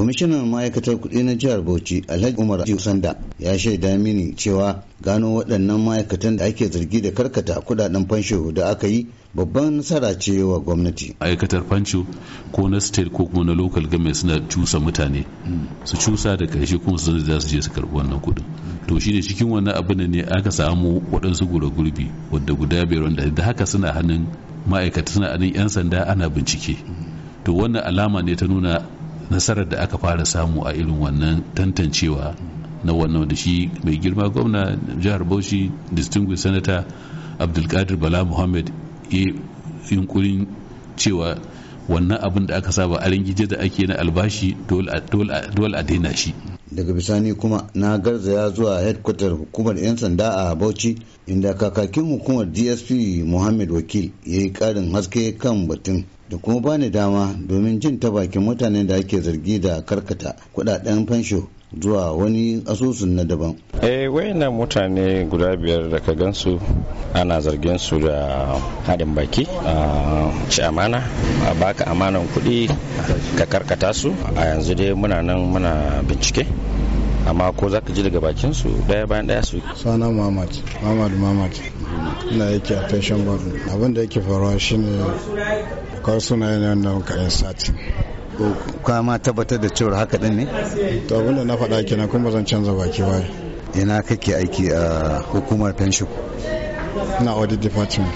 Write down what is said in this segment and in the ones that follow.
kwamishinan ma'aikatar kuɗi na jihar bauchi alhaji umar sanda ya shaida mini cewa gano waɗannan ma'aikatan da ake zargi da karkata kuɗaɗen fansho da aka yi babban nasara ce wa gwamnati ma'aikatar fansho ko na state ko kuma na local game suna cusa mutane su cusa da karshe kuma su su je su karbi wannan kudin to shi ne cikin wannan abin ne aka samu waɗansu gura gurbi wadda guda biyar wanda da haka suna hannun ma'aikata suna hannun 'yan sanda ana bincike to wannan alama ne ta nuna nasarar da aka fara samu a irin wannan tantancewa na wannan da shi mai girma gwamna jihar bauchi distinguished senator abdulkadir bala muhammad ya yunkurin cewa wannan abin da aka saba aringije da ake na albashi dole a daina shi daga bisani kuma na garzaya zuwa headquarter hukumar 'yan sanda a bauchi inda kakakin hukumar dsp muhammad wakil ya yi karin haske kan batun da kuma bani dama domin jin ta bakin mutanen da ake zargi da karkata kudaden fansho zuwa wani asusun na daban. eh na mutane guda biyar da ka gansu ana zargin su da haɗin baki a ci amana a baka amanan kuɗi ka karkata su a yanzu dai muna nan muna bincike amma ko za ka ji daga bakin su ɗaya bayan ɗaya su sana mamaki mamadu mamaki ina yake a fashion board abin da yake faruwa shine kawai suna yin wannan kayan sati ka ma tabbatar da cewar haka din ne to abin da na faɗa kenan kuma zan canza baki ba ina kake aiki a hukumar pension na audit department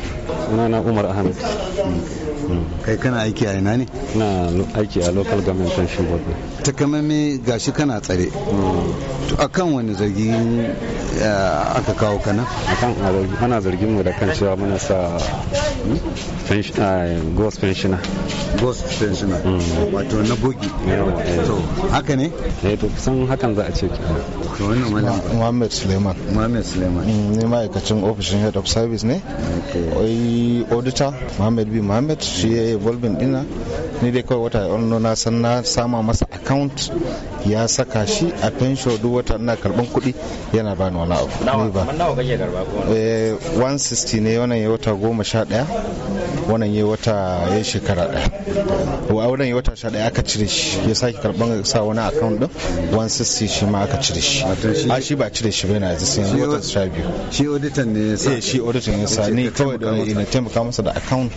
na umar ahmed hmm. kai kana aiki a ina ne na aiki a local government pension board me gashi kana tsare hmm. to akan wani zargin Eh, aka kawo kana akan ana zargin mu da kan cewa muna sa hmm? eh, ghost pensioner ghost pensioner hmm. wato na bogi eh. to haka ne eh to kusan hakan za a ce to wannan malam Muhammad Suleiman Muhammad Suleiman hmm, ne ma'aikacin ofishin head of service ne oi auditor Muhammad B Muhammad shi ya involving dina ni dai kawai wata na san na sama masa account ya saka shi a fensho duk wata ina karban kuɗi yana bani wani abu ne ba 160 eh, ne wannan ya wata goma sha ɗaya wannan ya wata ya shekara ɗaya wa wannan ya wata sha ɗaya aka cire shi ya sake karban sa wani account din 160 shi ma aka cire shi a shi ba cire shi ba yana yanzu sai wata sha biyu shi auditor ne ya sa eh, shi auditor ya sa ni kawai da ina taimaka masa da account eh.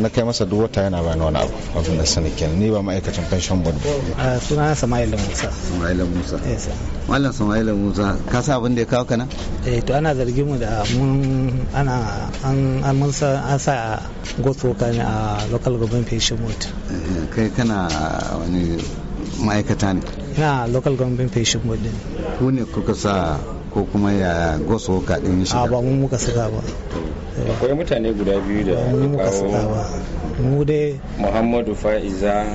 na kai masa duk wata yana bani wani abu abin da sani kenan ni ba ma'aikacin pension board ba ah, sunana Sama'il Lamus musa sama'ila musa malam musa ka sa abin da ya kawo kana eh to ana zargin mu da mun ana an an mun sa an sa gotso kan a local government pension board eh, kai kana wani ma'aikata ne ina local government pension board din ku ne kuka sa ko kuma ya goso ka din shi a ba mu muka saka ba akwai mutane guda biyu da kawo mu dai muhammadu fa'iza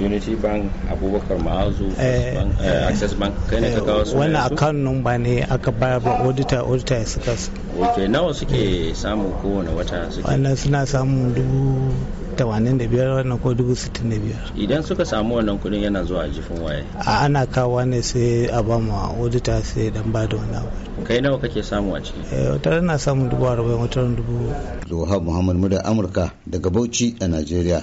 unity bank abubakar ma'azu eh, eh, eh, access bank kai ne ka kawo su wannan account ba ne aka bayar ba auditor auditor suka su ok nawa suke samu kowane wata suke wannan suna samun dubu tamanin da biyar wannan ko dubu sittin da biyar idan suka samu wannan kudin yana zuwa a jifin waye a ana kawo ne sai a ba ma auditor sai dan ba da wani abu kai nawa kake samu a ciki eh wata na samun dubu arba'in wata dubu Zuhab Muhammad Muda Amurka daga Bauchi a Najeriya